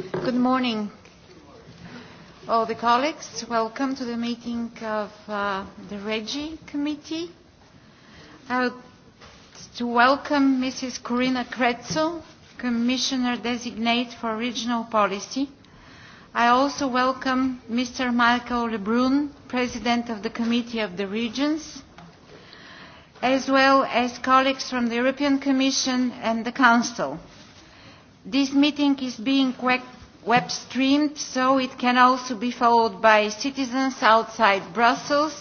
Good morning, all the colleagues. Welcome to the meeting of uh, the REGI committee. I would to welcome Mrs. Corina Kretzel, Commissioner Designate for Regional Policy. I also welcome Mr. Michael Lebrun, President of the Committee of the Regions, as well as colleagues from the European Commission and the Council. This meeting is being web streamed, so it can also be followed by citizens outside Brussels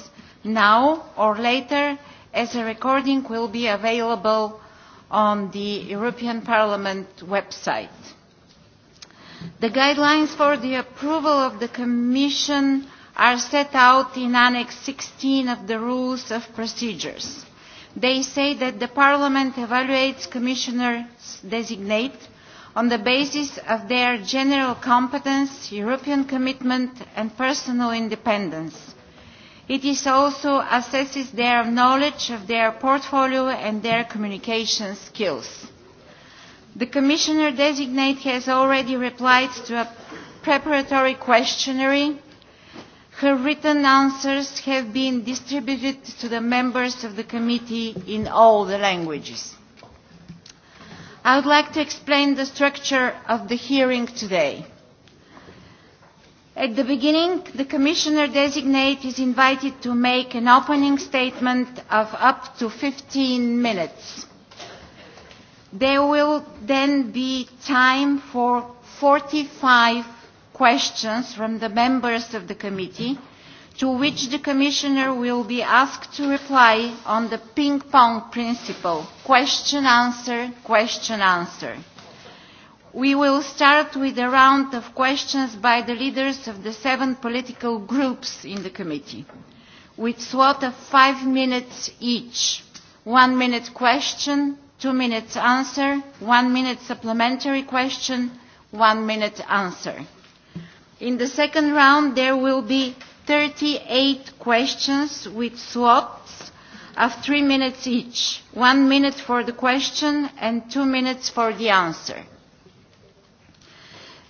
now or later, as a recording will be available on the European Parliament website. The guidelines for the approval of the Commission are set out in Annex 16 of the Rules of Procedures. They say that the Parliament evaluates Commissioners designate on the basis of their general competence, European commitment and personal independence. It is also assesses their knowledge of their portfolio and their communication skills. The Commissioner designate has already replied to a preparatory questionnaire. Her written answers have been distributed to the members of the committee in all the languages. I would like to explain the structure of the hearing today. At the beginning, the Commissioner designate is invited to make an opening statement of up to 15 minutes. There will then be time for 45 questions from the members of the committee to which the Commissioner will be asked to reply on the ping-pong principle, question-answer, question-answer. We will start with a round of questions by the leaders of the seven political groups in the committee, with slot of five minutes each, one minute question, two minutes answer, one minute supplementary question, one minute answer. In the second round, there will be 38 questions with slots of three minutes each. One minute for the question and two minutes for the answer.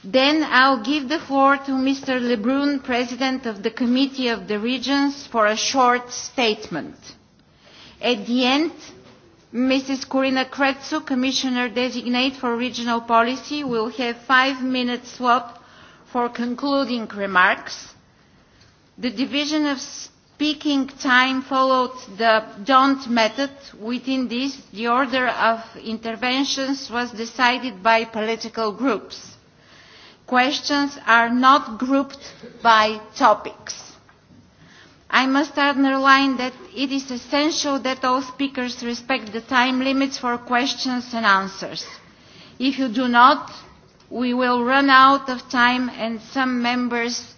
Then I'll give the floor to Mr. Lebrun, President of the Committee of the Regions, for a short statement. At the end, Mrs. Corina Kretsu, Commissioner Designate for Regional Policy, will have five minutes slot for concluding remarks The division of speaking time followed the don't method. Within this, the order of interventions was decided by political groups. Questions are not grouped by topics. I must underline that it is essential that all speakers respect the time limits for questions and answers. If you do not, we will run out of time and some members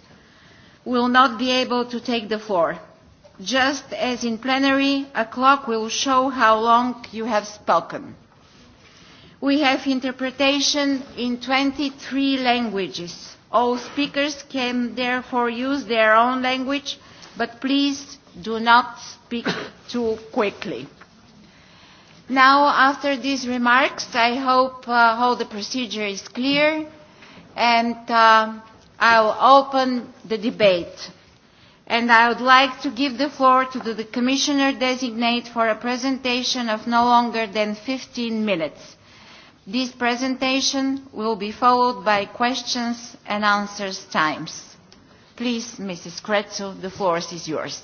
will not be able to take the floor. Just as in plenary, a clock will show how long you have spoken. We have interpretation in 23 languages. All speakers can therefore use their own language, but please do not speak too quickly. Now, after these remarks, I hope uh, all the procedure is clear and uh, I will open the debate. And I would like to give the floor to the Commissioner designate for a presentation of no longer than 15 minutes. This presentation will be followed by questions and answers times. Please, Mrs. Kretzow, the floor is yours.